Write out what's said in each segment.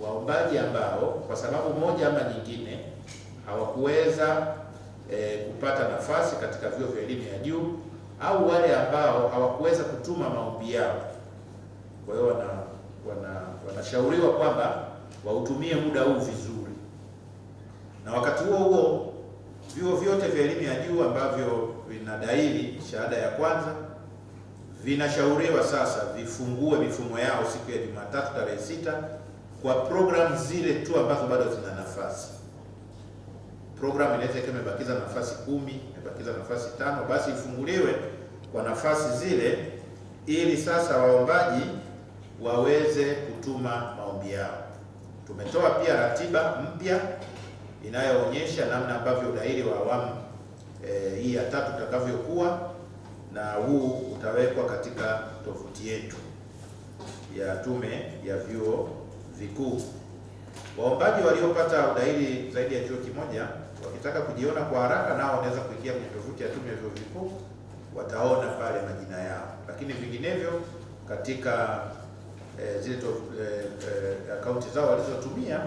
waombaji ambao kwa sababu moja ama nyingine hawakuweza e, kupata nafasi katika vyuo vya elimu ya juu au wale ambao hawakuweza kutuma maombi yao. Kwa hiyo wana, wana, wanashauriwa kwamba wautumie muda huu vizuri, na wakati huo huo vyuo vyote vya elimu ya juu ambavyo vinadaili shahada ya kwanza vinashauriwa sasa vifungue mifumo yao siku ya Jumatatu tarehe sita kwa programu zile tu ambazo bado zina nafasi. Programu inaweza ikawa imebakiza nafasi kumi, imebakiza nafasi tano, basi ifunguliwe kwa nafasi zile, ili sasa waombaji waweze kutuma maombi yao. Tumetoa pia ratiba mpya inayoonyesha namna ambavyo udahili wa awamu e, hii ya tatu utakavyokuwa, na huu utawekwa katika tovuti yetu ya Tume ya Vyuo vikuu. Waombaji waliopata udahili zaidi ya chuo kimoja wakitaka kujiona kwa haraka, nao wanaweza kuingia kwenye tovuti ya Tume ya Vyuo Vikuu, wataona pale majina yao, lakini vinginevyo katika eh, zile eh, eh, akaunti zao walizotumia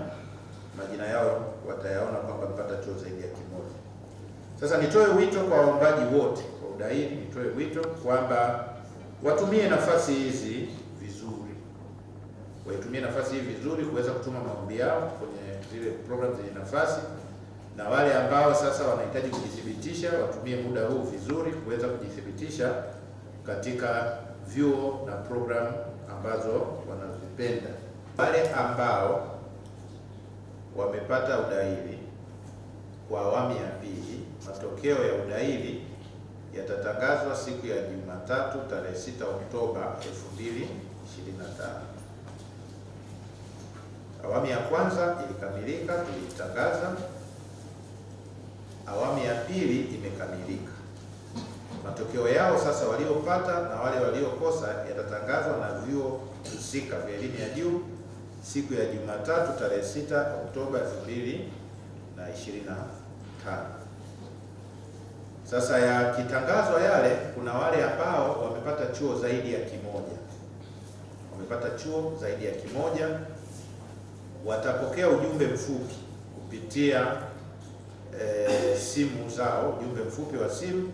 majina yao watayaona kwamba wamepata chuo zaidi ya kimoja. Sasa nitoe wito kwa waombaji wote wa udahili, nitoe wito kwamba watumie nafasi hizi vizuri waitumie nafasi hii vizuri kuweza kutuma maombi yao kwenye zile programs zenye nafasi, na wale ambao sasa wanahitaji kujithibitisha watumie muda huu vizuri kuweza kujithibitisha katika vyuo na program ambazo wanazipenda. Wale ambao wamepata udahili kwa awamu ya pili, matokeo ya udahili yatatangazwa siku ya Jumatatu tarehe 6 Oktoba 2025. Awamu ya kwanza ilikamilika, tuliitangaza. Awamu ya pili imekamilika. Matokeo yao sasa waliopata na wale waliokosa yatatangazwa na vyuo husika vya elimu ya juu siku ya Jumatatu tarehe 6 Oktoba 2025. Sasa ya kitangazo yale, kuna wale ambao wamepata chuo zaidi ya kimoja, wamepata chuo zaidi ya kimoja watapokea ujumbe mfupi kupitia e, simu zao, ujumbe mfupi wa simu.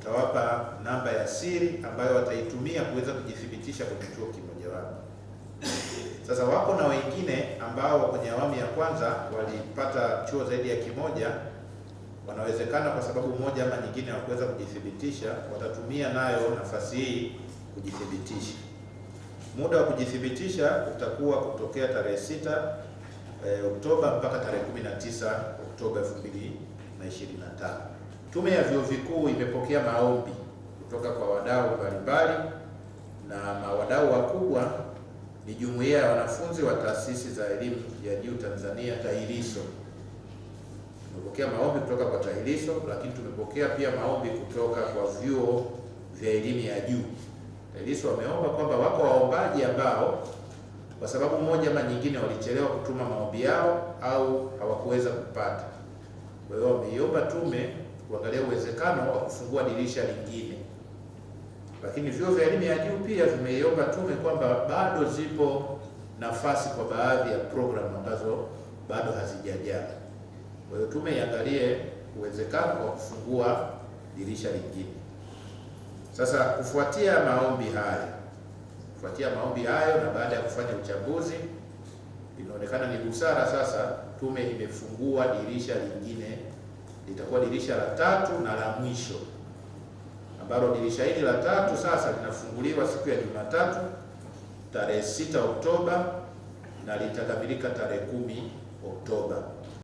Utawapa namba ya siri ambayo wataitumia kuweza kujithibitisha kwenye chuo kimojawapo. Sasa wapo na wengine ambao kwenye awamu ya kwanza walipata chuo zaidi ya kimoja, wanawezekana kwa sababu moja ama nyingine hawakuweza kujithibitisha, watatumia nayo nafasi hii kujithibitisha. Muda wa kujithibitisha utakuwa kutokea tarehe 6 e, eh, Oktoba mpaka tarehe 19 Oktoba 2025. Tume ya Vyuo Vikuu imepokea maombi kutoka kwa wadau mbalimbali na mawadau wakubwa ni jumuiya ya wanafunzi wa taasisi za elimu ya juu Tanzania TAHLISO. Tumepokea maombi kutoka kwa TAHLISO, lakini tumepokea pia maombi kutoka kwa vyuo vya elimu ya juu. Lissu wameomba kwamba wako waombaji ambao kwa sababu moja ama nyingine walichelewa kutuma maombi yao au hawakuweza kupata. Kwa hiyo wameiomba tume kuangalia uwezekano wa kufungua dirisha lingine, lakini vyuo vya elimu ya juu pia vimeiomba tume kwamba bado zipo nafasi kwa baadhi ya programu ambazo bado hazijajaa. Kwa hiyo tume iangalie uwezekano wa kufungua dirisha lingine. Sasa kufuatia maombi hayo, kufuatia maombi hayo na baada ya kufanya uchambuzi, inaonekana ni busara sasa tume imefungua dirisha lingine, litakuwa dirisha la tatu na la mwisho, ambalo dirisha hili la tatu sasa linafunguliwa siku ya Jumatatu tarehe 6 Oktoba na litakamilika tarehe kumi Oktoba.